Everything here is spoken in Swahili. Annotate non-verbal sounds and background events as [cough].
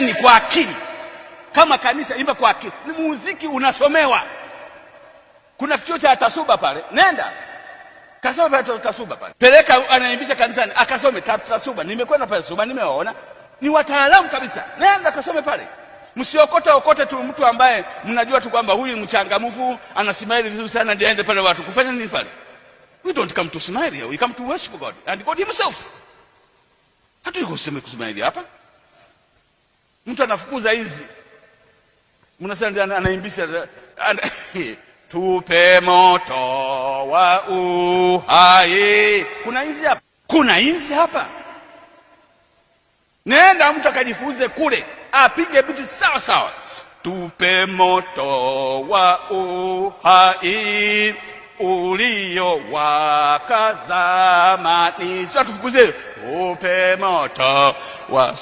Ni kwa akili kama kanisa, imba kwa akili. Ni muziki unasomewa. Kuna kichuo cha tasuba pale, nenda kasome pale tasuba pale, peleka anaimbisha kanisani akasome tasuba. Nimekwenda pale tasuba, nimewaona ni wataalamu kabisa, nenda kasome pale. Msiokote okote tu mtu ambaye mnajua tu kwamba huyu mchangamfu ana smile vizuri sana, ndiye aende pale. Watu kufanya nini pale? We don't come to smile here, we come to worship God and God himself. Hatuko kusema kusmile hapa. Mtu anafukuza inzi, mnasema anaimbisha [laughs] tupe moto wa uhai. Kuna inzi hapa? Kuna inzi hapa? Nenda mtu akajifunze kule, apige biti sawa sawa, tupe moto wa uhai uliowaka zamani, sio tufukuze, tupe moto wa